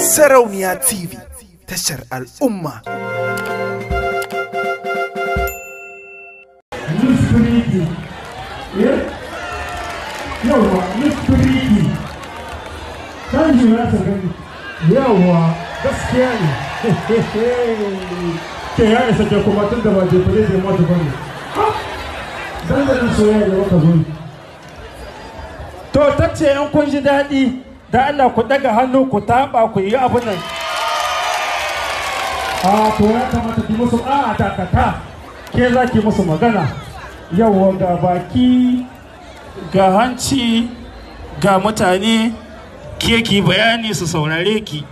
Sarauniya TV tashar al'umma. Yawa, gaskiya ne, ke ya isa ke kuma tun da ba jefale ne. mata bane. Zan da soyayya da waka zo. To, ta ce ‘yan kun ji daɗi, da Allah ku daga hannu ku taba ku yi abin nan a to ya kamata ki musu a dakata ke za ki musu magana yawa ga baki ga hanci ga mutane ke ki bayani su saurare ki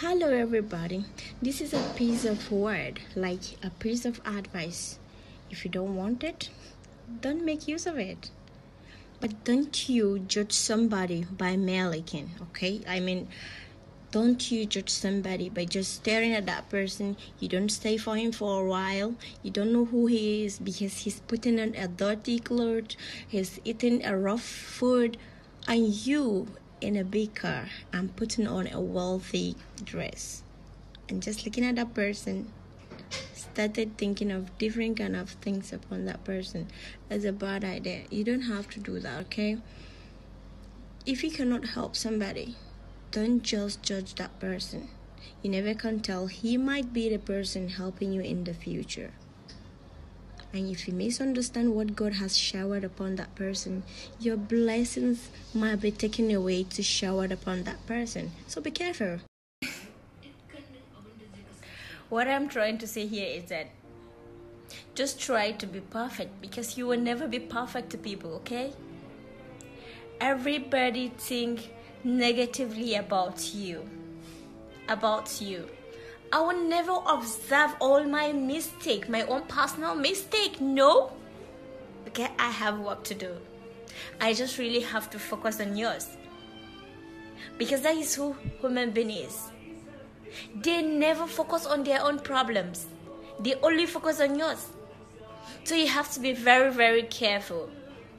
Hello, everybody. This is a piece of word, like a piece of advice. If you don't want it, don't make use of it. But don't you judge somebody by malicking, okay? I mean, don't you judge somebody by just staring at that person. You don't stay for him for a while. You don't know who he is because he's putting on a dirty clothes, he's eating a rough food, and you in a big car and putting on a wealthy dress and just looking at that person started thinking of different kind of things upon that person that's a bad idea you don't have to do that okay if you cannot help somebody don't just judge that person you never can tell he might be the person helping you in the future and if you misunderstand what God has showered upon that person, your blessings might be taken away to shower upon that person. So be careful. What I'm trying to say here is that just try to be perfect because you will never be perfect to people, okay? Everybody think negatively about you. About you I will never observe all my mistake, my own personal mistake. No. Okay, I have work to do. I just really have to focus on yours. Because that is who human being is. They never focus on their own problems. They only focus on yours. So you have to be very, very careful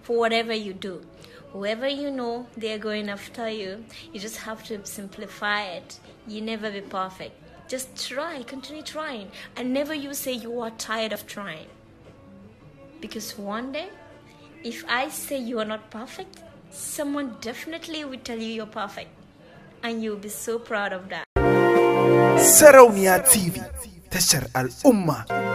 for whatever you do. Whoever you know, they're going after you. You just have to simplify it. You never be perfect. Just try, continue trying. And never you say you are tired of trying. Because one day, if I say you are not perfect, someone definitely will tell you you're perfect. And you'll be so proud of that. Sarauniya TV, tashar Umma.